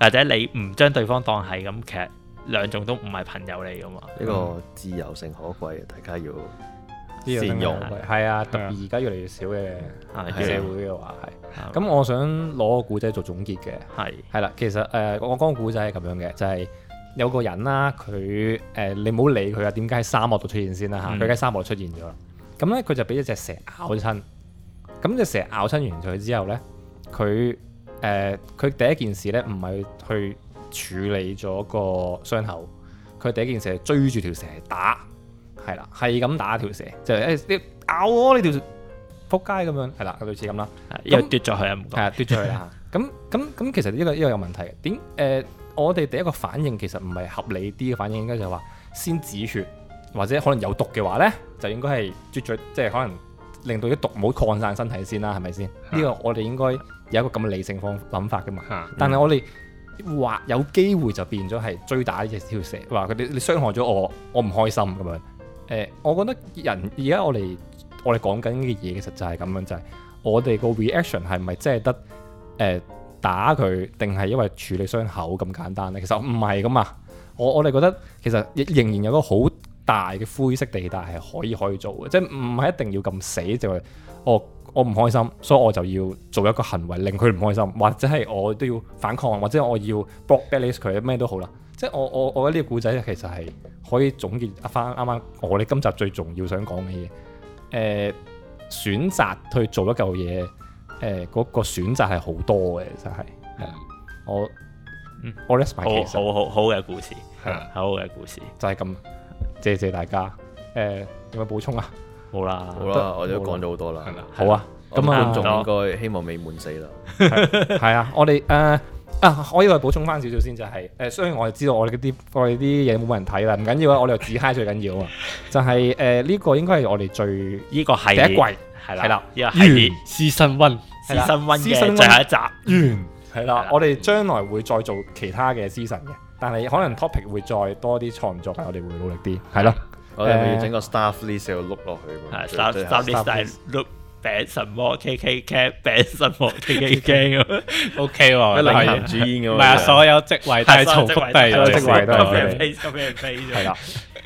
或者你唔將對方當係咁，其實。兩種都唔係朋友嚟㗎嘛，呢、嗯、個自由性可貴，大家要善用，係、嗯、啊，特別而家越嚟越少嘅社會嘅話係。咁我想攞個古仔做總結嘅，係係啦。啊啊、其實誒、呃，我講古仔係咁樣嘅，就係、是、有個人啦，佢誒你唔好理佢啊，點解喺沙漠度出現先啦、啊、嚇？佢喺、嗯、沙漠出現咗啦，咁咧佢就俾一隻蛇咬親，咁隻蛇咬親完佢之後咧，佢誒佢第一件事咧唔係去。處理咗個傷口，佢第一件事係追住條蛇打，係啦，係咁打條蛇，就係誒咬我呢條，撲街咁樣，係啦，類似咁啦，因為跌咗佢啊，係啊、嗯，跌咗佢啦，咁咁咁，其實呢、呢個呢、呢個有問題嘅，點、呃、我哋第一個反應其實唔係合理啲嘅反應，應該就係話先止血，或者可能有毒嘅話咧，就應該係絕咗，即、就、係、是、可能令到啲毒冇擴散身體先啦，係咪先？呢、嗯、個我哋應該有一個咁嘅理性方諗法嘅嘛，但係我哋、嗯。或有機會就變咗係追打呢隻條蛇，話佢哋「你傷害咗我，我唔開心」咁樣。誒、呃，我覺得人而家我哋我哋講緊嘅嘢其實就係咁樣，就係、是、我哋個 reaction 係咪真係得誒打佢，定係因為處理傷口咁簡單咧？其實唔係噶嘛，我我哋覺得其實仍然有個好大嘅灰色地帶係可以可以做嘅，即係唔係一定要咁死就係我。我唔開心，所以我就要做一個行為令佢唔開心，或者係我都要反抗，或者我要 block balance 佢咩都好啦。即係我我我覺得呢個故仔其實係可以總結一翻啱啱我哋今集最重要想講嘅嘢。誒、呃，選擇去做一嚿嘢，誒、呃，嗰、那個選擇係好多嘅，真係。嗯、我，我哋、嗯、好好好好嘅故事，係是好嘅故事，就係咁。謝謝大家。誒、呃，有冇補充啊？冇啦，好啦，我哋都講咗好多啦，好啊，咁觀眾應該希望未滿死啦，係啊，我哋誒啊，我以度補充翻少少先就係誒，雖然我哋知道我哋啲我哋啲嘢冇人睇啦，唔緊要啊，我哋又自嗨最緊要啊，就係誒呢個應該係我哋最呢個係第一季係啦，係啦，完，season one，season one 嘅最後一集完係啦，我哋將來會再做其他嘅 season 嘅，但係可能 topic 會再多啲創作，我哋會努力啲，係咯。.我係咪要整個 staff list 喺度碌落去？係，三三點大碌餅什麼？K K K bad 什麼？K K 驚啊！OK 喎，一零年主演咁樣。唔係啊，所有職位都係重複地，職位都係咁。俾人飛，都俾人飛咗。係啦，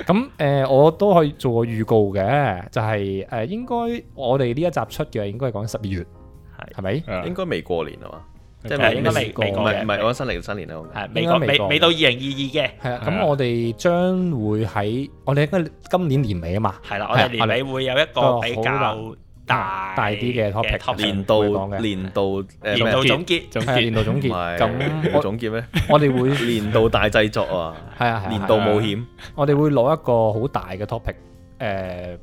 咁誒，我都可以做個預告嘅，就係誒，應該我哋呢一集出嘅，應該係講十二月，係咪？應該未過年啊嘛。即係應該未過嘅，唔係我新嚟嘅新年啊！係未過，未未到二零二二嘅。係啊，咁我哋將會喺我哋應該今年年尾啊嘛。係啦，我哋年尾會有一個比較大大啲嘅 topic，年度年度誒年度總結年度總結。咁總結咩？我哋會年度大製作啊！係啊，年度冒險。我哋會攞一個好大嘅 topic，誒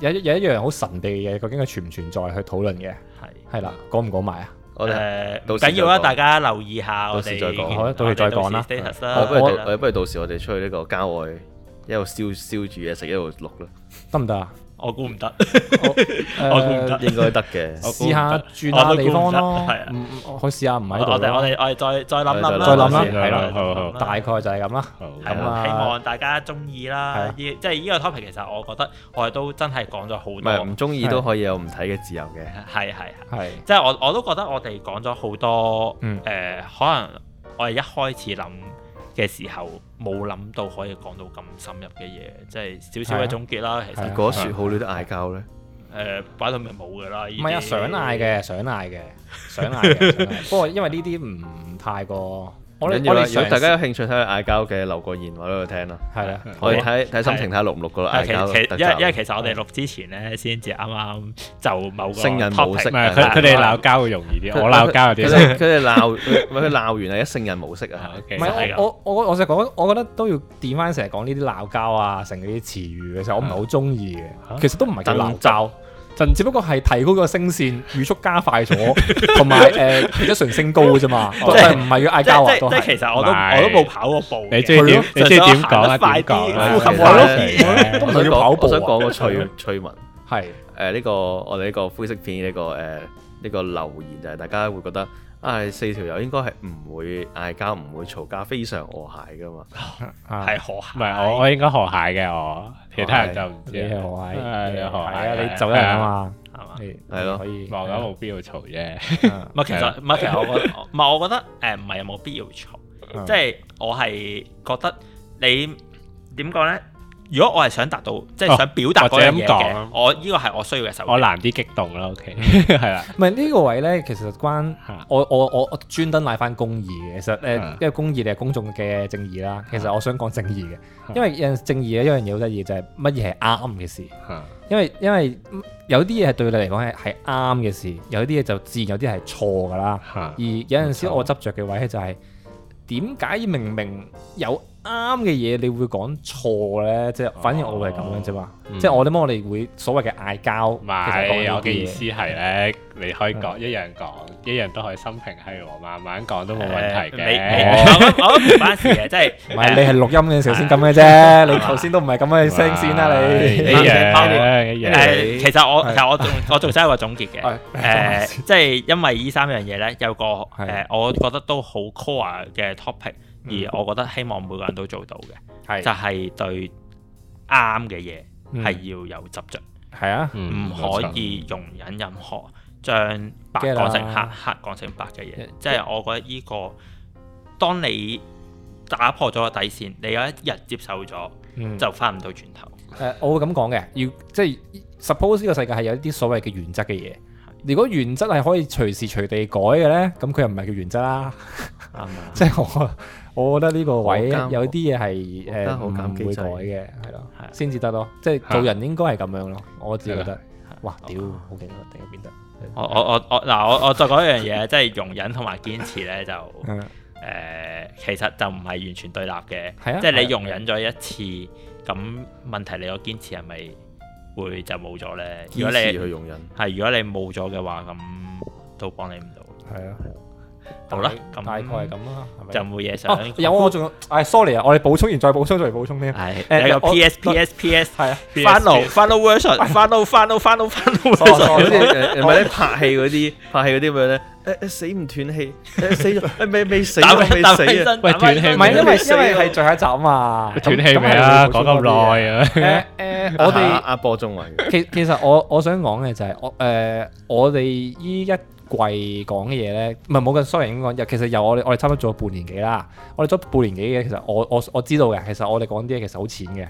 有有一樣好神秘嘅嘢，究竟佢存唔存在去討論嘅？係係啦，講唔講埋啊？我哋到時唔緊、呃、要啦，大家留意下我哋。好啊，到時再講對啦。我我我不如到時我哋出去呢個郊外，一路燒燒住嘢食，一路錄啦。得唔得啊？我估唔得，我估唔得，應該得嘅。我試下轉下地方咯，係啊，我試下唔喺度。我哋我哋我哋再再諗諗，再諗諗，係啦，大概就係咁啦。係啦，希望大家中意啦。即係呢個 topic，其實我覺得我哋都真係講咗好多。唔中意都可以有唔睇嘅自由嘅。係係係。即係我我都覺得我哋講咗好多。嗯誒，可能我哋一開始諗嘅時候冇諗到可以講到咁深入嘅嘢，即係少少嘅總結啦。其實如果說好你都嗌交咧，誒擺到咪冇㗎啦。唔係啊，想嗌嘅，想嗌嘅，想嗌嘅 想嗌。不過因為呢啲唔太過。我哋大家有興趣睇佢嗌交嘅留個言話俾佢聽啦，係啦，可以睇睇心情睇下錄唔錄到啦。嗌交，因因為其實我哋錄之前咧先至啱啱就某個聖人模式，佢哋鬧交會容易啲，我鬧交有啲，佢哋鬧佢佢鬧完係一聖人模式啊。我我我就講，我覺得都要點翻成日講呢啲鬧交啊，成嗰啲詞語嘅時候，我唔係好中意嘅，其實都唔係叫就只不過係提高個聲線，語速加快咗，同埋誒一成升高嘅啫嘛，即係唔係要嗌交啊？都即係其實我都是我都冇跑過步你。你知、啊、點？你知點講啊？快啲呼吸快啲。唔係要跑步想講個趣 趣聞文，係誒呢個我哋呢個灰色片呢、這個誒呢、呃這個留言就係大家會覺得。係四條友應該係唔會嗌交，唔會嘈交，非常和諧噶嘛。係和諧，唔係我我應該和諧嘅我，其他人就唔知和諧唔和諧啦。你做嘢啊嘛，係嘛？係咯，可以，我諗冇必要嘈啫。唔係其實唔係其實我唔係我覺得誒唔係冇必要嘈，即係我係覺得你點講咧？如果我係想達到，即係想表達嗰樣嘢我呢、呢個係我需要嘅時候，我難啲激動啦。OK，係 啦的。唔係呢個位咧，其實關我我我我專登拉翻公義嘅。其實誒，因為、嗯、公義你係公眾嘅正義啦。其實我想講正義嘅，因為有正義咧一樣嘢好得意就係乜嘢係啱嘅事、嗯因，因為因為有啲嘢係對你嚟講係係啱嘅事，有啲嘢就自然有啲係錯噶啦。嗯、而有陣時我執着嘅位咧就係點解明明有。啱嘅嘢你會講錯咧，即係反而我會係咁嘅啫嘛，即係我點解我哋會所謂嘅嗌交，其實講嘅意思係咧，你可以講一樣講，一樣都可以心平氣和慢慢講都冇問題嘅。我我唔關事嘅，即係唔係你係錄音嘅時候先咁嘅啫，你頭先都唔係咁嘅聲先啦，你。誒，其實我其實我仲我仲想一個總結嘅，誒，即係因為呢三樣嘢咧，有個誒，我覺得都好 core 嘅 topic。而我覺得希望每個人都做到嘅，係就係對啱嘅嘢係要有執着，係啊、嗯，唔可以容忍任何將白講成黑、了黑講成白嘅嘢。嗯、即係我覺得呢個，當你打破咗個底線，你有一日接受咗，嗯、就翻唔到轉頭。誒、嗯，我會咁講嘅，要即係 suppose 呢個世界係有一啲所謂嘅原則嘅嘢。如果原則係可以隨時隨地改嘅呢，咁佢又唔係叫原則啦。即係、嗯、 我。我覺得呢個位有啲嘢係好唔會改嘅，係咯，先至得咯。即係做人應該係咁樣咯，我自己覺得。哇！屌，好勁啊！定然間變得。我我我我嗱，我我再講一樣嘢，即係容忍同埋堅持咧，就誒其實就唔係完全對立嘅。即係你容忍咗一次，咁問題你個堅持係咪會就冇咗咧？堅持去容忍。係，如果你冇咗嘅話，咁都幫你唔到。係啊。啦，大概係咁啦，就冇嘢想。有我仲有，哎，sorry 啊，我哋補充完再補充，再嚟補充添。係，誒，P.S.P.S.P.S. 係啊，Final Final Version，Final Final Final Final Version。唔係啲拍戲嗰啲，拍戲嗰啲咩咧？誒，死唔斷氣，死，未未死，打打起身。喂，斷氣，唔係因為因為係最後一集啊嘛。斷氣未啊？講咁耐啊？誒誒，我哋阿波中啊。其其實我我想講嘅就係我誒，我哋依一。貴講嘅嘢咧，唔係冇咁衰人咁講，又其實由我哋我哋差唔多做咗半年幾啦，我哋做半年幾嘅，其實我我我知道嘅，其實我哋講啲嘢其實好淺嘅，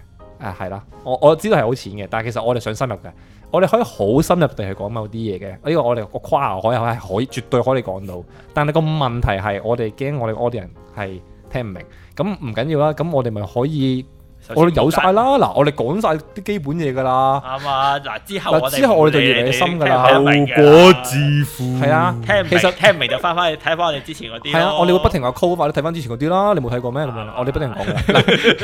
誒係啦，我我知道係好淺嘅，但係其實我哋想深入嘅，我哋可以好深入地去講某啲嘢嘅，呢、這個我哋個跨海係可，以可以可以，可以，絕對可以講到，但係個問題係我哋驚我哋 audience 係聽唔明，咁唔緊要啦，咁我哋咪可以。我哋有晒啦，嗱，我哋講晒啲基本嘢㗎喇。啱啊，嗱，之後我哋之後我哋就越嚟越深㗎喇，後果自負。係啊，聽其實聽唔明就翻翻去睇翻我哋之前嗰啲。係啊，我哋會不停話 call 㗎嘛。你睇翻之前嗰啲啦。你冇睇過咩？咁樣我哋不停講。嗱，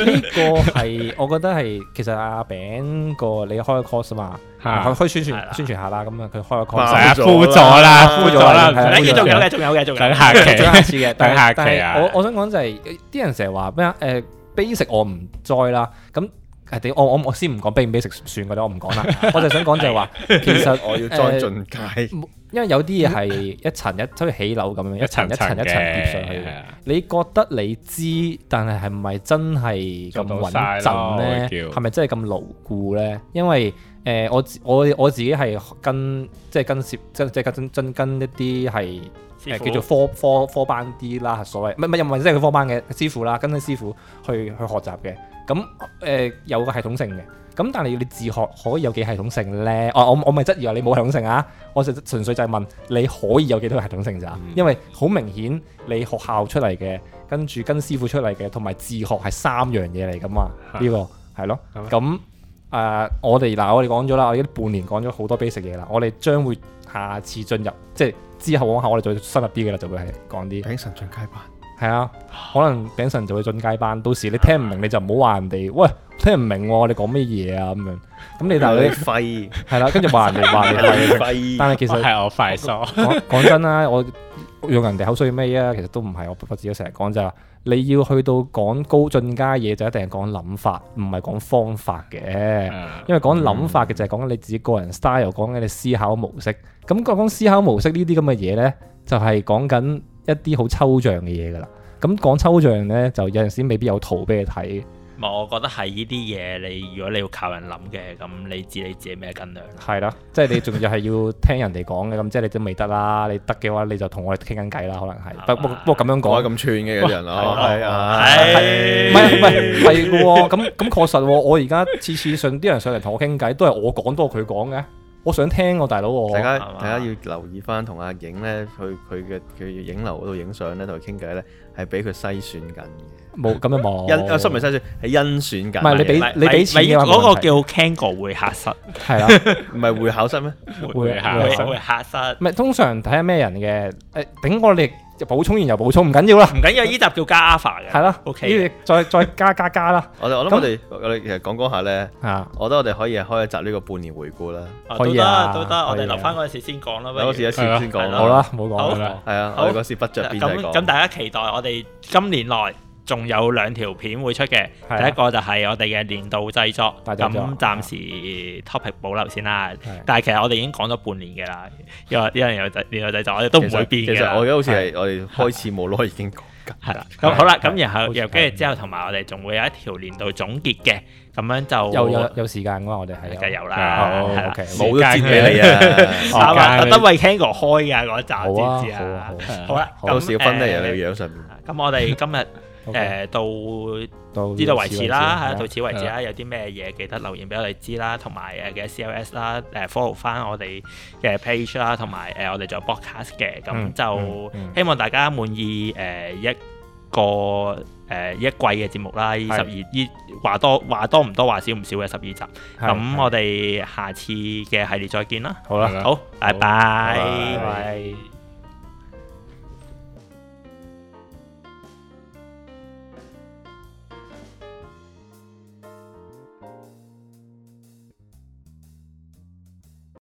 呢個係我覺得係其實阿餅個你開個 course 啊嘛，可以宣傳宣傳下啦。咁佢開個 course。敷咗啦，敷咗啦。仲有嘅，仲有嘅，仲有嘅。等下期，仲有次嘅，等下期啊。我我想講就係啲人成日話咩啊？誒。悲食我唔栽啦，咁係點？我我我先唔講俾唔俾食算嗰啲，我唔講啦。 我就想講就係話， 其實我要裝進階，因為有啲嘢係一層一，即係起樓咁樣， 一層一層一層疊上去。的你覺得你知，但係係咪真係咁穩陣咧？係咪真係咁牢固咧？因為誒、呃、我我我自己係跟即係跟攝即跟即係跟跟跟一啲係師傅，呃、叫做科科科班啲啦，所謂唔唔又唔係真係佢科班嘅師傅啦，跟啲師傅去去學習嘅，咁誒、呃、有個系統性嘅，咁但係你自學可以有幾系統性咧？啊，我我咪質疑話你冇系統性啊？我純粹就係問你可以有幾多系統性咋、啊？嗯、因為好明顯你學校出嚟嘅，跟住跟師傅出嚟嘅，同埋自學係三樣嘢嚟噶嘛？呢、啊呢個係咯，咁。誒，uh, 我哋嗱，我哋講咗啦，我，我已經半年講咗好多 basic 嘢啦，我哋將會下次進入，即係之後往下，我哋再深入啲嘅啦，就會係講啲。頂神進階班，係啊，可能頂神就會進階班。到時你聽唔明，你、啊聽明哦，你就唔好話人哋，喂，聽唔明喎，你講咩嘢啊咁樣。咁你大係你廢，係啦、 啊，跟住話人哋話你廢，但係其實講真啦，我用人哋口水尾啊？其實都唔係，我不我只係成日講咋。你要去到講高進階嘢，就一定係講諗法，唔係講方法嘅。因為講諗法嘅就係講緊你自己個人 style，講緊你思考模式。咁講講思考模式呢啲咁嘅嘢呢，就係講緊一啲好抽象嘅嘢㗎啦。咁講抽象呢，就有陣時未必有圖俾你睇。我覺得係呢啲嘢，你如果你要靠人諗嘅，咁你知你自己咩斤兩？係啦，即係你仲要係要聽人哋講嘅，咁 即係你都未得啦。你得嘅話，你就同我哋傾緊偈啦。可能係 不，不 不過咁樣講。可以咁串嘅人咯，係係唔係唔係唔係嘅咁咁確實喎。我而家次次上啲 人上嚟同我傾偈，都係我講多佢講嘅。我想聽我大佬，大，大家 大家要留意返，同阿影咧去佢嘅佢影樓嗰度影相咧，同佢傾偈咧，係俾佢篩選緊。冇咁樣冇，因啊，失明晒先係甄選噶。唔係你俾你俾錢嘅話，嗰個叫 Kango 會客室係啊，唔係會考室咩？會客室會客室。唔係通常睇下咩人嘅，誒，頂我哋補充完又補充，唔緊要啦，唔緊要。呢集叫加 Alpha 嘅，係咯，OK。呢啲再再加加加啦。我我諗我哋我哋其實講講下咧，我覺得我哋可以開一集呢個半年回顧啦。可以啊，得我哋留翻，嗰陣時先講啦。嗰時一選先講，好啦，冇講啦。係啊，我哋嗰時不着邊就咁，大家期待我哋今年內，仲有兩條片會出嘅，第一個就係我哋嘅年度製作，咁暫時 topic 保留先啦。但係其實我哋已經講咗半年嘅啦，因為啲人有第年度製作我哋都唔會變嘅。其實我而家好似係我哋開始冇耐已經講。係啦，咁好啦，咁然後又跟住之後同埋我哋仲會有一條年度總結嘅，咁樣就有有時間嘅嘛，我哋係梗係有啦，冇都接俾你啊。嗱，特登為 Congo 開嘅嗰集知唔知啊？好啊，好啊，分啦，人哋樣上面。咁我哋今日。誒到呢度為止啦，到此為止啦。有啲咩嘢記得留言俾我哋知啦，同埋誒嘅 CLS 啦，誒 follow 翻我哋嘅 page 啦，同埋誒我哋仲有 broadcast 嘅，咁就希望大家滿意誒一個誒一季嘅節目啦，十二呢話多話多唔多話少唔少嘅十二集，咁我哋下次嘅系列再見啦。好啦，好，拜拜。